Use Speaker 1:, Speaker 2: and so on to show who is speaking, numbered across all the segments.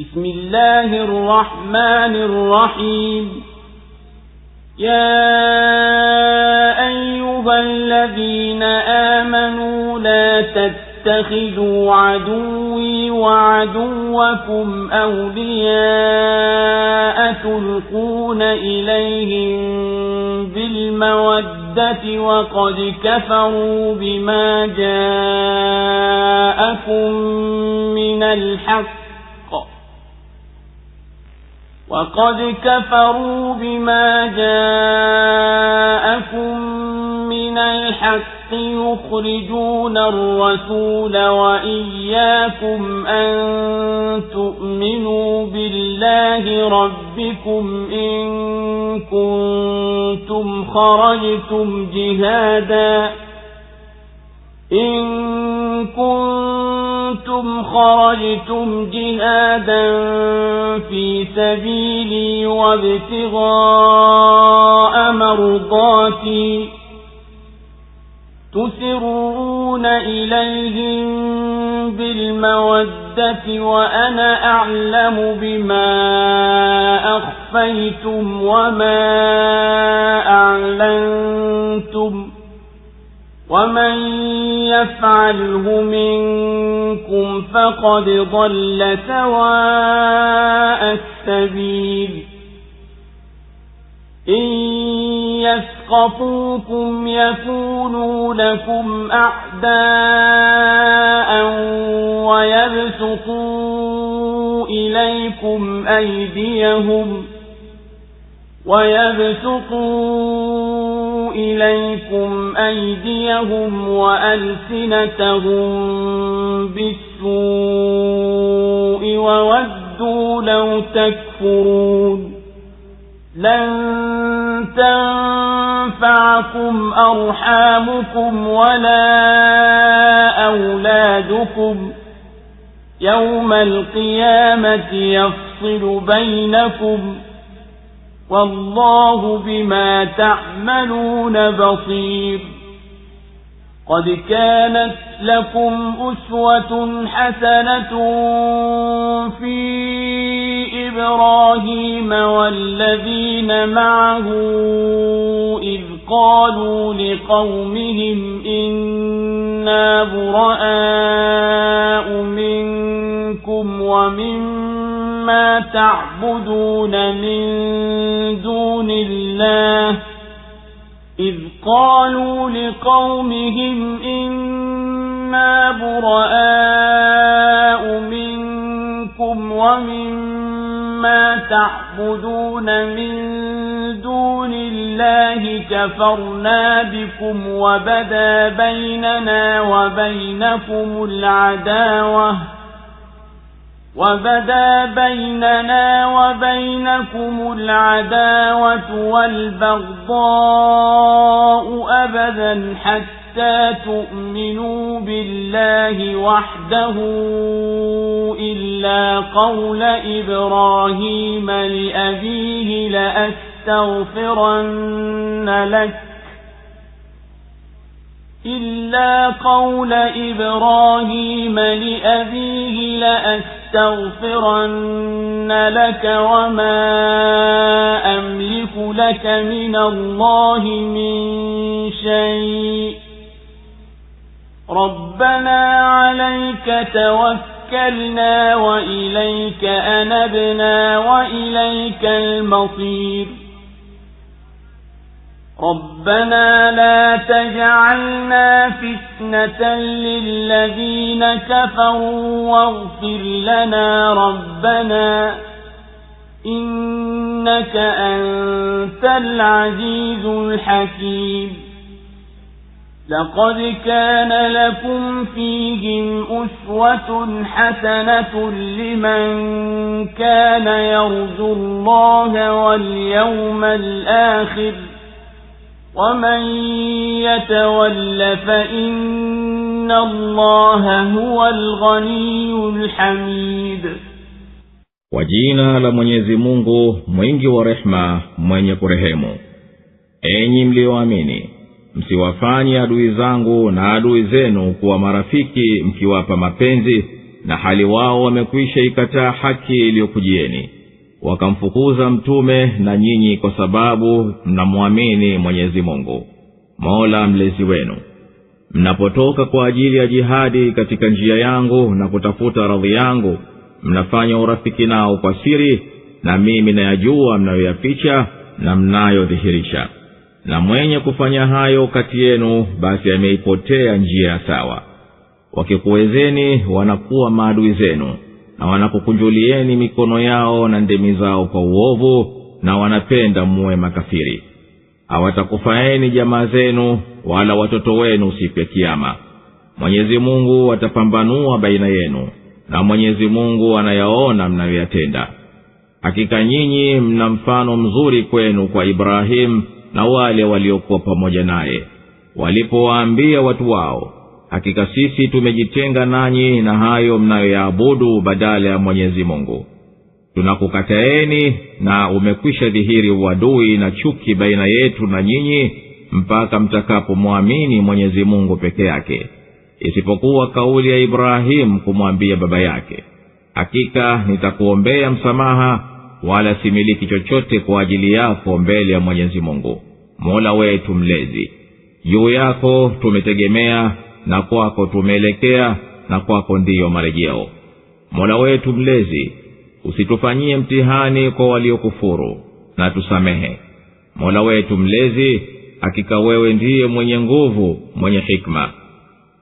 Speaker 1: بسم الله الرحمن الرحيم يا أيها الذين آمنوا لا تتخذوا عدوي وعدوكم أولياء تلقون إليهم بالمودة وقد كفروا بما جاءكم من الحق وقد كفروا بما جاءكم من الحق يخرجون الرسول وإياكم أن تؤمنوا بالله ربكم إن كنتم خرجتم جهادا إن كنتم أنتم خرجتم جهادا في سبيلي وابتغاء مرضاتي تسرون إليهم بالمودة وأنا أعلم بما أخفيتم وما أعلنتم ومن يفعله منكم فقد ضل سواء السبيل إن يسقطوكم يكونوا لكم أعداء ويبسطوا إليكم أيديهم ويبسطوا إليكم أيديهم وألسنتهم بالسوء وودوا لو تكفرون لن تنفعكم أرحامكم ولا أولادكم يوم القيامة يفصل بينكم والله بما تعملون بصير قد كانت لكم أسوة حسنة في إبراهيم والذين معه إذ قالوا لقومهم إنا براء منكم ومن ما تعبدون من دون الله إذ قالوا لقومهم إنا براء منكم ومما تعبدون من دون الله كفرنا بكم وبدا بيننا وبينكم العداوة وبدا بيننا وبينكم العداوة والبغضاء أبدا حتى تؤمنوا بالله وحده إلا قول إبراهيم لأبيه لأستغفرن لك إلا قول إبراهيم لأبيه لأستغفرن لك وما أملك لك من الله من شيء ربنا عليك توكلنا وإليك أنبنا وإليك المصير ربنا لا تجعلنا فتنة للذين كفروا واغفر لنا ربنا إنك أنت العزيز الحكيم لقد كان لكم فيهم أسوة حسنة لمن كان يرجو الله واليوم الآخر ومن يتول فإن الله هو الغني الحميد
Speaker 2: kwa jina la mwenyezi mungu mwingi wa rehma mwenye kurehemu enyi mliyoamini msiwafanye adui zangu na adui zenu kuwa marafiki mkiwapa mapenzi na hali wao wamekwisha ikataa haki iliyokujieni wakamfukuza mtume na nyinyi kwa sababu mnamwamini mwenyezi mungu mola mlezi wenu mnapotoka kwa ajili ya jihadi katika njia yangu na kutafuta radhi yangu mnafanya urafiki nao kwa siri na mimi nayajua mnayoyaficha na mnayodhihirisha na mwenye kufanya hayo kati yenu basi ameipotea njia ya sawa wakikuwezeni wanakuwa maadui zenu na wanakukunjulieni mikono yao na ndemi zao kwa uovu na wanapenda muwe makafiri hawatakufaeni jamaa zenu wala watoto wenu siku ya kiama mwenyezi mungu atapambanua baina yenu na mwenyezi mungu anayaona mnayoyatenda hakika nyinyi mna mfano mzuri kwenu kwa ibrahimu na wale waliokuwa pamoja naye walipowaambia watu wao hakika sisi tumejitenga nanyi na hayo mnayoyaabudu badala ya mwenyezi mungu tunakukataeni na umekwisha dhihiri uadui na chuki baina yetu na nyinyi mpaka mtakapomwamini mwenyezi mungu peke yake isipokuwa kauli ya ibrahimu kumwambia baba yake hakika nitakuombea msamaha wala similiki chochote kwa ajili yako mbele ya mwenyezi mungu mola wetu mlezi juu yako tumetegemea na kwako tumeelekea na kwako ndiyo marejeo mola wetu mlezi usitufanyie mtihani kwa waliokufuru na tusamehe mola wetu mlezi hakika wewe ndiye mwenye nguvu mwenye hikma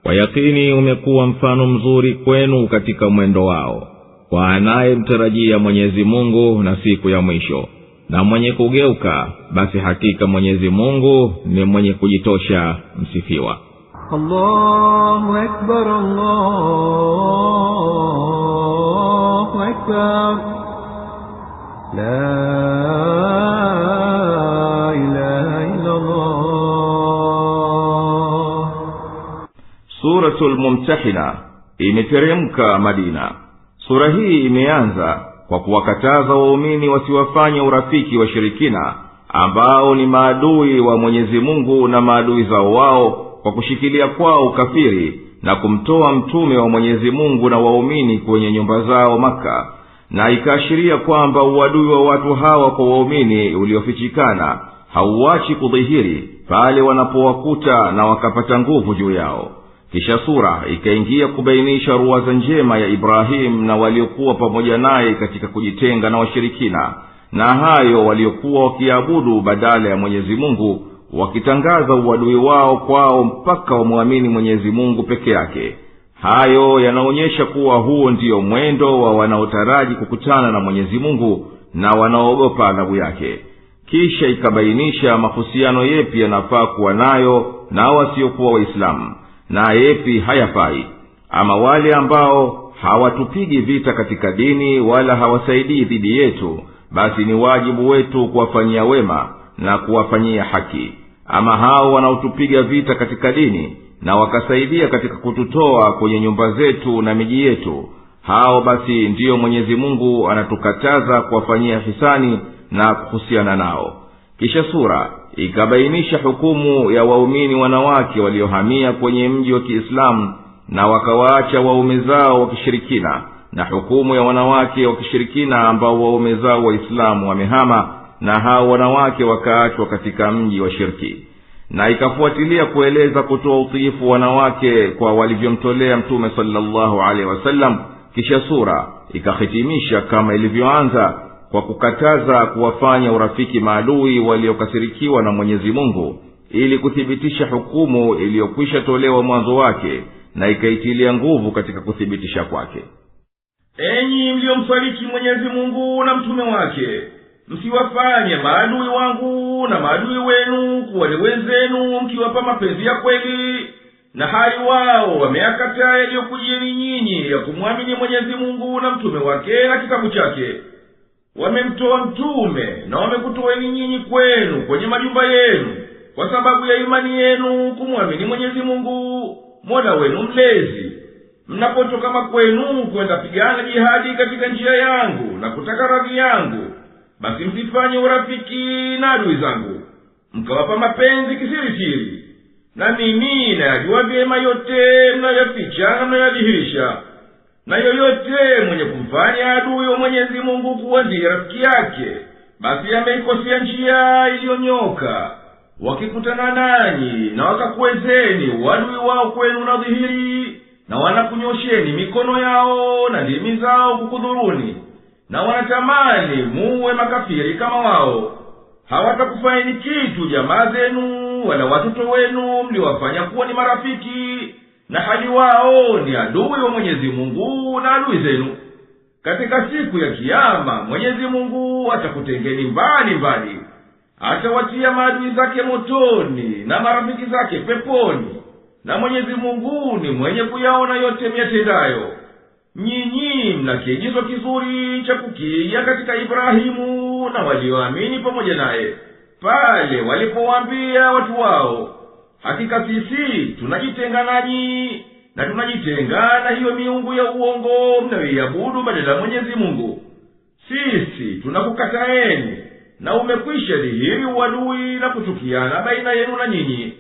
Speaker 2: kwa yakini umekuwa mfano mzuri kwenu katika mwendo wao kwa anayemtarajia mwenyezi mungu na siku ya mwisho na mwenye kugeuka basi hakika mwenyezi mungu ni mwenye kujitosha msifiwa
Speaker 3: الله أكبر الله أكبر لا إله إلا الله
Speaker 2: سورة الممتحنة imeteremka madina sura hii imeanza kwa kuwakataza waumini wasiwafanye urafiki washirikina ambao ni maadui wa mwenyezi mungu na maadui zao wao kwa kushikilia kwao ukafiri na kumtoa mtume wa mwenyezi mungu na waumini kwenye nyumba zao maka na ikaashiria kwamba uadui wa watu hawa kwa waumini uliofichikana hauwachi kudhihiri pale wanapowakuta na wakapata nguvu juu yao kisha sura ikaingia kubainisha ruwaza njema ya ibrahimu na waliokuwa pamoja naye katika kujitenga na washirikina na hayo waliokuwa wakiabudu badala ya mwenyezi mungu wakitangaza uadui wao kwao mpaka wamwamini mwenyezi mungu peke yake hayo yanaonyesha kuwa huo ndiyo mwendo wa wanaotaraji kukutana na mwenyezi mungu na wanaoogopa adhabu yake kisha ikabainisha mahusiano yepi yanafaa kuwa nayo na wasiokuwa waislamu na yepi hayafai ama wale ambao hawatupigi vita katika dini wala hawasaidii dhidi yetu basi ni wajibu wetu kuwafanyia wema na kuwafanyia haki ama hao wanaotupiga vita katika dini na wakasaidia katika kututoa kwenye nyumba zetu na miji yetu hao basi ndiyo mwenyezi mungu anatukataza kuwafanyia hisani na kuhusiana nao kisha sura ikabainisha hukumu ya waumini wanawake waliohamia kwenye mji wa kiislamu na wakawaacha waume zao wakishirikina na hukumu ya wanawake wakishirikina ambao waume zao waislamu wamehama na hao wanawake wakaachwa katika mji wa shirki na ikafuatilia kueleza kutoa utiifu wanawake kwa walivyomtolea mtume salllahu alehi wasallam kisha sura ikahitimisha kama ilivyoanza kwa kukataza kuwafanya urafiki maadui waliokasirikiwa na mwenyezi mungu ili kuthibitisha hukumu iliyokwisha tolewa mwanzo wake na ikaitilia nguvu katika kuthibitisha kwake enyi mliyomsaliki mwenyezi mungu na mtume wake msiwafanye maadui wangu na maadui wenu kuwa ni wenzenu mkiwapa mapenzi ya kweli na hali wao wameakataa yaliyokujieni nyinyi ya kumwamini mwenyezi mungu na mtume wake na kitabu chake wamemtoa mtume na wamekutoweni nyinyi kwenu kwenye majumba yenu kwa sababu ya imani yenu kumwamini mwenyezi mungu mola wenu mlezi mnapotoka makwenu kwenda pigana jihadi katika njia yangu na kutaka radhi yangu basi msifanye urafiki na adui zangu mkawapa mapenzi kisirisiri na mimi nayajua vyema yote mnayoyaficha na mnayoyadhihirisha na yoyote mwenye kumfanya adui wa mwenyezi mungu kuwa ndiye rafiki yake basi ameikosea njia iliyonyoka wakikutana nanyi na wakakuwezeni uadui wao kwenu na dhihiri na wanakunyosheni mikono yao na ndimi zao kukudhuruni na wanatamani muwe makafiri kama wao hawatakufaini kitu jamaa zenu wala watoto wenu mliwafanya kuwa ni marafiki na hali wao ni adui wa mwenyezi mungu na adui zenu katika siku ya kiyama mwenyezi mungu atakutengeni mbali mbali atawatia maadui zake motoni na marafiki zake peponi na mwenyezi mungu ni mwenye kuyaona yote miyatendayo nyinyi mna kiigizo kizuri cha kukiiga katika ibrahimu na walioamini pamoja naye pale walipowambiya watu wao hakika sisi tunajitenga nanyi na tunajitenga na hiyo miungu ya uongo mnayoiabudu badala mwenyezi mungu sisi tunakukataeni na umekwisha dhihiri uadui na kuchukiana baina yenu na nyinyi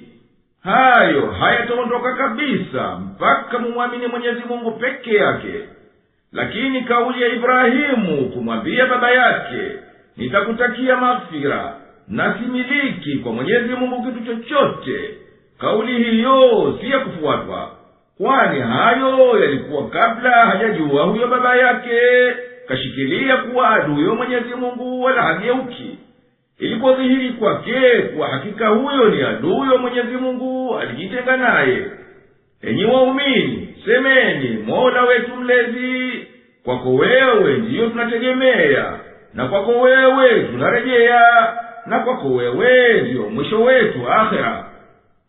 Speaker 2: hayo hayataondoka kabisa mpaka mumwamini mwenyezi mungu peke yake lakini kauli ya ibrahimu kumwambia baba yake nitakutakia mafira na similiki kwa mwenyezi mungu kitu chochote kauli hiyo si ya kufuatwa kwani hayo yalikuwa kabla hajajua huyo baba yake kashikilia kuwa aduyo mwenyezi mungu wala hageuki ilipodhihiri kwake kwa hakika huyo ni adui wa mwenyezi mungu alijitenga naye enyi waumini semeni mola wetu mlezi kwako wewe ndiyo tunategemea na kwako wewe tunarejea na kwako wewe ndiyo mwisho wetu akhera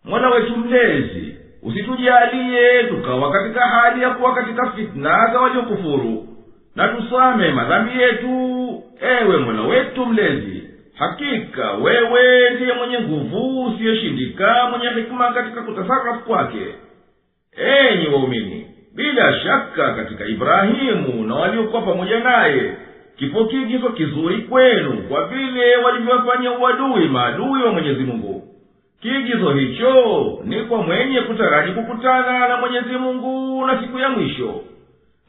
Speaker 2: mola wetu mlezi usitujalie tukawa katika hali ya kuwa katika fitna za waliokufuru na tusame madhambi yetu ewe mola wetu mlezi hakika wewe ndiye mwenye nguvu usiyeshindika mwenye hikima katika kutasarafu kwake enyi waumini bila shaka katika ibrahimu na waliokuwa pamoja naye kipo kiigizo kizuri kwenu kwa vile walivyowafanyia uadui maadui wa mwenyezi mungu kiigizo hicho ni kwa mwenye kutaraji kukutana na mwenyezi mungu na siku ya mwisho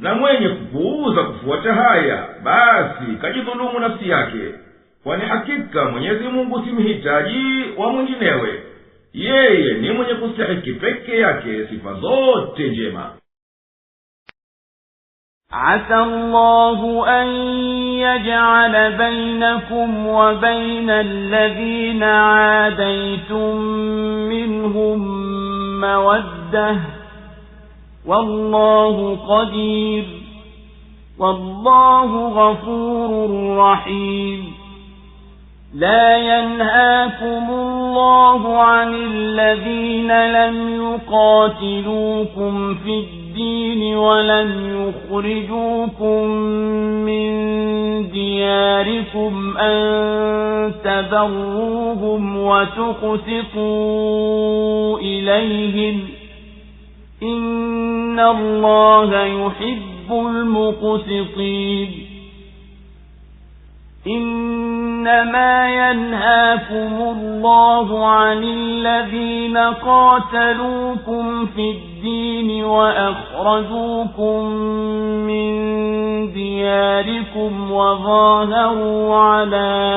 Speaker 2: na mwenye kupuuza kufuata haya basi kajidhulumu nafsi yake kwani hakika mwenyezi mungu si mhitaji wa mwinginewe yeye ni mwenye kustahiki peke yake sifa zote njema
Speaker 1: عسى الله أن يجعل بينكم وبين الذين عاديتم منهم مودة والله قدير والله غفور رحيم لا ينهاكم الله عن الذين لم يقاتلوكم في الدين ولم يخرجوكم من دياركم أن تبروهم وتقسطوا إليهم إن الله يحب المقسطين إنما ينهاكم الله عن الذين قاتلوكم في الدين وأخرجوكم من دياركم وظاهروا على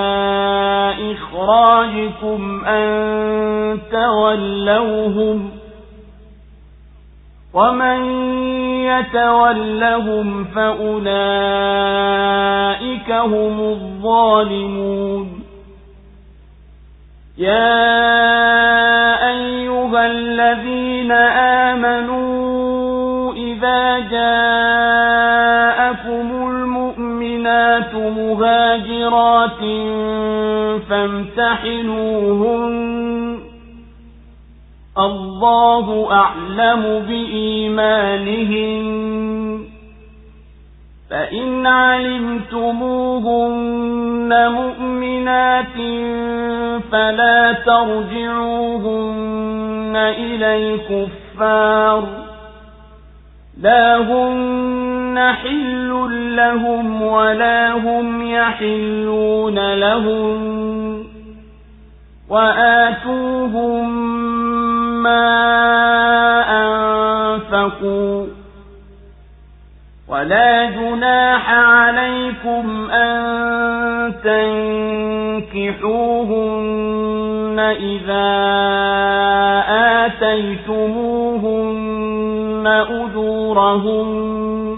Speaker 1: إخراجكم أن تولوهم ۖ ومن يتولهم فأولئك هم الظالمون يا أيها الذين آمنوا إذا جاءكم المؤمنات مهاجرات فامتحنوهن الله أعلم بإيمانهن فإن علمتموهن مؤمنات فلا ترجعوهن إلى الكفار لا هن حل لهم ولا هم يحلون لهم وآتوهم أنفقوا ولا جناح عليكم أن تنكحوهن إذا آتيتموهن أجورهن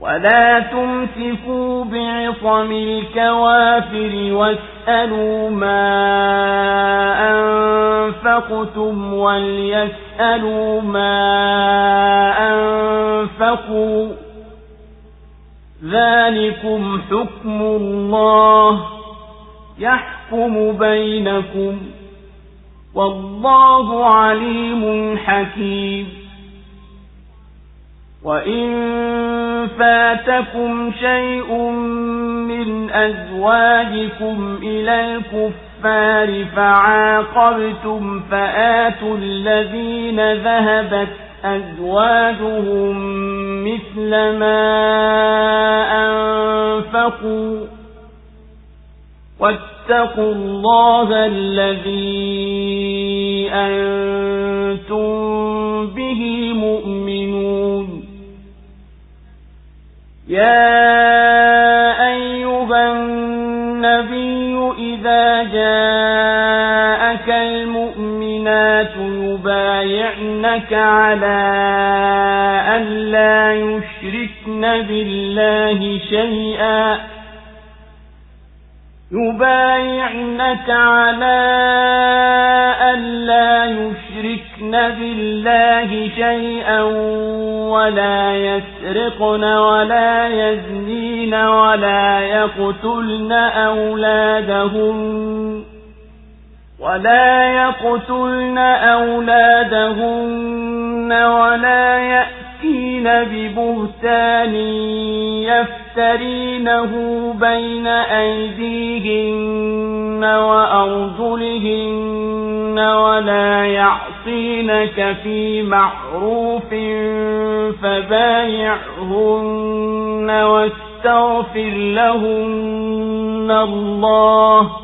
Speaker 1: ولا تمسكوا بعصم الكوافر واسألوا ما أنفقتم وليسألوا ما أنفقوا ذلكم حكم الله يحكم بينكم والله عليم حكيم وإن فاتكم شيء من أزواجكم إلى الكفر الكفار فعاقبتم فآتوا الذين ذهبت أزواجهم مثل ما أنفقوا واتقوا الله الذي أنتم به مؤمنون يا لك على ألا يشركن بالله شيئا يبايعنك على لا يشركن بالله شيئا ولا يسرقن ولا يزنين ولا يقتلن أولادهن ولا يقتلن أولادهن ولا يأتين ببهتان يفترينه بين أيديهن وأرجلهن ولا يعصينك في معروف فبايعهن واستغفر لهن الله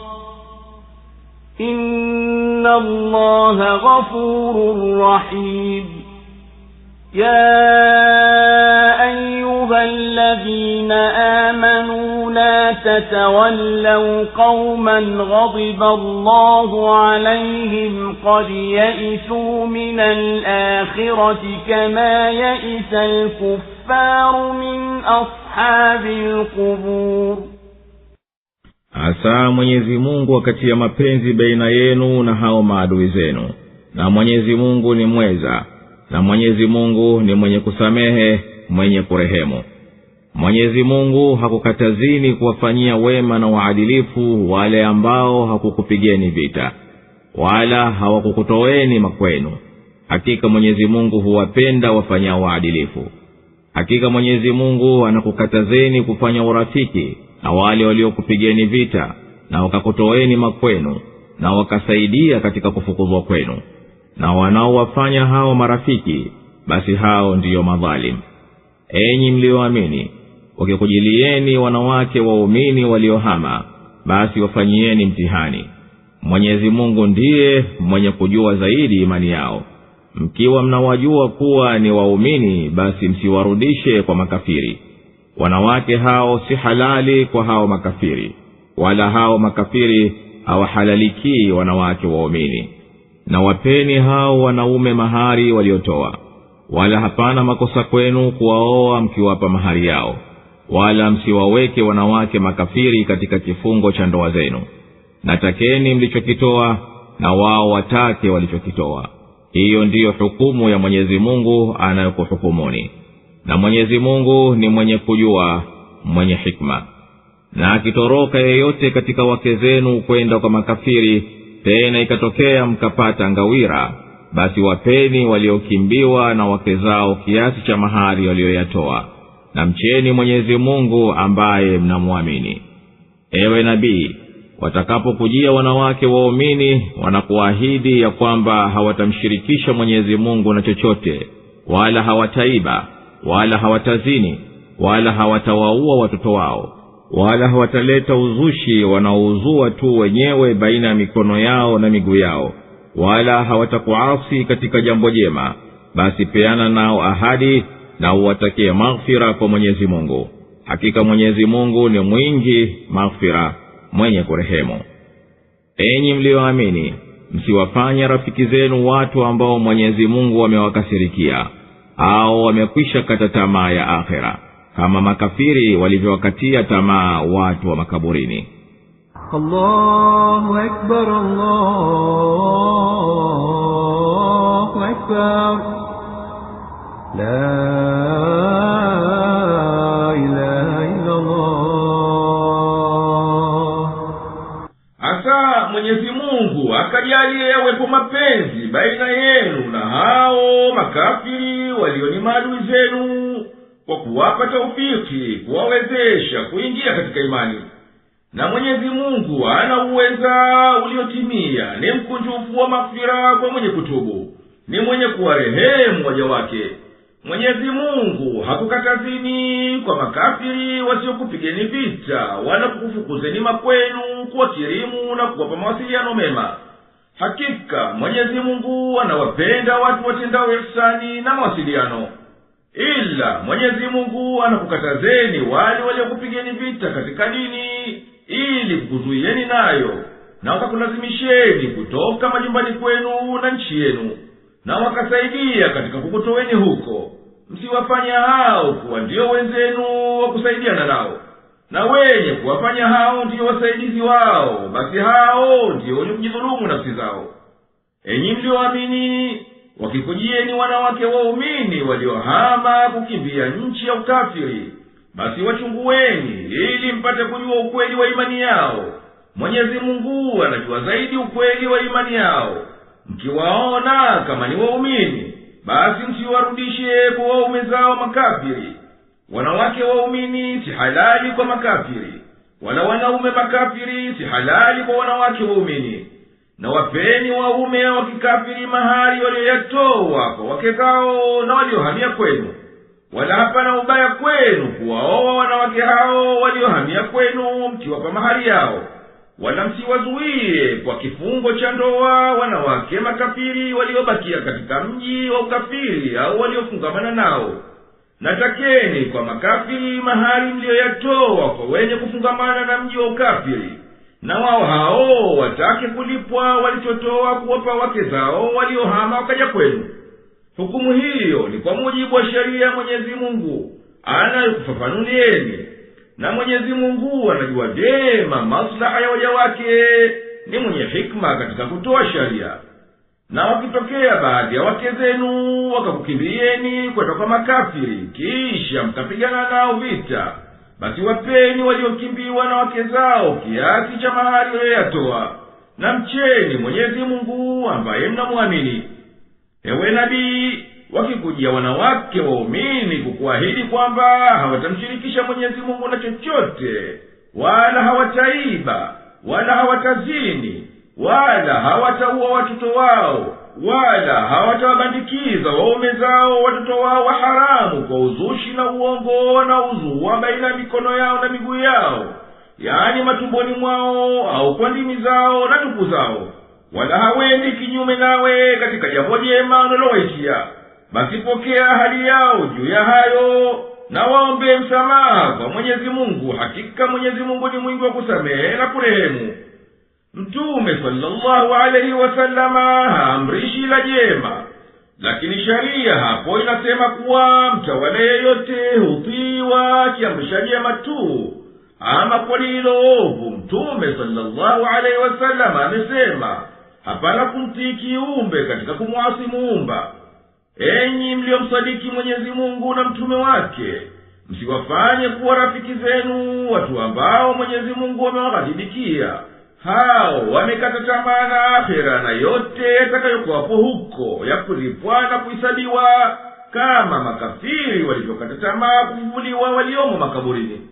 Speaker 1: إن الله غفور رحيم يا أيها الذين آمنوا لا تتولوا قوما غضب الله عليهم قد يئسوا من الآخرة كما يئس الكفار من أصحاب القبور
Speaker 2: hasa mwenyezi mungu akatia mapenzi baina yenu na hao maadui zenu na mwenyezi mungu ni mweza na mwenyezi mungu ni mwenye kusamehe mwenye kurehemu mwenyezi mungu hakukatazini kuwafanyia wema na waadilifu wale ambao hakukupigeni vita wala hawakukutoweni makwenu hakika mwenyezi mungu huwapenda wafanyao waadilifu hakika mwenyezi mungu anakukatazeni kufanya urafiki na wale waliokupigeni vita na wakakutoeni makwenu na wakasaidia katika kufukuzwa kwenu na wanaowafanya hao marafiki basi hao ndiyo madhalimu enyi mliyoamini wakikujilieni wanawake waumini waliohama basi wafanyieni mtihani mwenyezi mungu ndiye mwenye kujua zaidi imani yao mkiwa mnawajua kuwa ni waumini basi msiwarudishe kwa makafiri wanawake hao si halali kwa hao makafiri wala hao makafiri hawahalalikii wanawake waumini na wapeni hao wanaume mahari waliotoa wala hapana makosa kwenu kuwaoa mkiwapa mahari yao wala msiwaweke wanawake makafiri katika kifungo cha ndoa zenu natakeni mlichokitoa na wao watake walichokitoa hiyo ndiyo hukumu ya mwenyezi mungu anayokuhukumuni na mwenyezi mungu ni mwenye kujua mwenye hikma na akitoroka yeyote katika wake zenu kwenda kwa makafiri tena ikatokea mkapata ngawira basi wapeni waliokimbiwa na wake zao kiasi cha mahari waliyoyatoa na mcheni mwenyezi mungu ambaye mnamwamini ewe nabii watakapokujia wanawake waumini wanakuahidi ya kwamba hawatamshirikisha mwenyezi mungu na chochote wala hawataiba wala hawatazini wala hawatawaua watoto wao wala hawataleta uzushi wanaouzua tu wenyewe baina ya mikono yao na miguu yao wala hawatakuasi katika jambo jema basi peana nao ahadi na uwatakie maghfira kwa mwenyezi mungu hakika mwenyezi mungu ni mwingi maghfira mwenye kurehemu enyi mliyoamini msiwafanye rafiki zenu watu ambao mwenyezi mungu wa au wamekwisha kata tamaa ya akhira kama makafiri walivyowakatia tamaa watu wa makaburini
Speaker 3: allahu akbar, allahu akbar. La ilaha illa Allah.
Speaker 2: Asa Mwenyezi Mungu akajalie yawepo mapenzi baina yenu na hao makafiri walio ni maadui zenu kwa kuwapa taufiki kuwawezesha kuingia katika imani na mwenyezi mungu ana uweza uliotimia ni mkunjufu wa mafira kwa mwenye kutubu ni mwenye kuwarehemu waja wake mwenyezi mungu hakukatazini kwa makafiri wasiokupigeni vita wala kukufukuzeni makwenu kuwa kirimu na kuwapa mawasiliano mema hakika mwenyezi mungu anawapenda watu watendao ihsani na mawasiliano ila mwenyezi mungu anakukatazeni wale waliokupigeni vita katika dini ili kukuzuiyeni nayo na wakakulazimisheni kutoka majumbani kwenu na nchi yenu na wakasaidia katika kukutoweni huko msiwafanya hao kuwa ndiyo wenzenu wakusaidiyana nawo na wenye kuwafanya hao ndiyo wasaidizi wao basi hao ndiyo wenye kujidhulumu nafsi zao enyi mliyoamini wakikujieni wanawake waumini waliohama kukimbia nchi ya ukafiri basi wachunguweni ili mpate kujua ukweli wa imani yao mwenyezi mungu anajua zaidi ukweli wa imani yao mkiwaona kama ni waumini basi msiwarudishe kwa waume zao makafiri wanawake waumini si halali kwa makafiri wala wanaume makafiri si halali kwa wanawake waumini na wapeni waume wa kikafiri mahari walioyatowa kwa wake zao na waliohamia kwenu wala hapana ubaya kwenu kuwaowa wanawake hao waliohamia kwenu mkiwapa mahari yao wala msiwazuwiye kwa kifungo cha ndoa wanawake makafiri waliobakia katika mji wa ukafiri au waliofungamana nao natakeni kwa makafiri mahali mliyoyatowa kwa wenye kufungamana na mji wa ukafiri na wao hao watake kulipwa walichotoa kuwapa wake zao waliohama wakaja kwenu hukumu hiyo ni kwa mujibu wa sheria mwenyezimungu mwenyezi mungu anayokufafanulieni na mwenyezi mungu anajua dema maslaha ya waja wake ni mwenye hikma katika kutoa sharia na wakitokea baadhi ya wake zenu wakakukimbilieni kwenda kwa makafiri kisha mkapigana nao vita basi wapeni waliokimbiwa na wake zao kiasi cha mahali waliyoyatoa na mcheni mwenyezi mungu ambaye mnamwamini ewe nabii wakikujia wanawake waumini kukuahidi kwamba hawatamshirikisha mwenyezi mungu na chochote wala hawataiba wala hawatazini wala hawataua watoto wao wala hawatawabandikiza waume zao watoto wao wa haramu kwa uzushi na uongo uzuwa baina ya mikono yao na miguu yao yaani matumboni mwao au kwa ndimi zao na ndugu zao wala hawendi kinyume nawe katika jambo jema unalowaitia basipokea hali yao juu ya hayo na waombee msamaha kwa mwenyezi mungu hakika mwenyezi mungu ni mwingi wa kusamehe na kurehemu mtume sallallahu alaihi wasallama haamrishi la jema lakini sharia hapo inasema kuwa mtawala yeyote hutiwa akiamrisha jema tu ama kwa ovu mtume salallahu alaihi wasallama amesema hapana kumtii kiumbe katika kumwasi muumba enyi mliomsadiki mwenyezi mungu na mtume wake msiwafanye kuwa rafiki zenu watu ambao mwenyezi mungu hao wamekata tamaa na akhira na yote yatakayokuwapo huko ya kulipwa na kuhisabiwa kama makafiri walivyokata tamaa kufufuliwa waliomo makaburini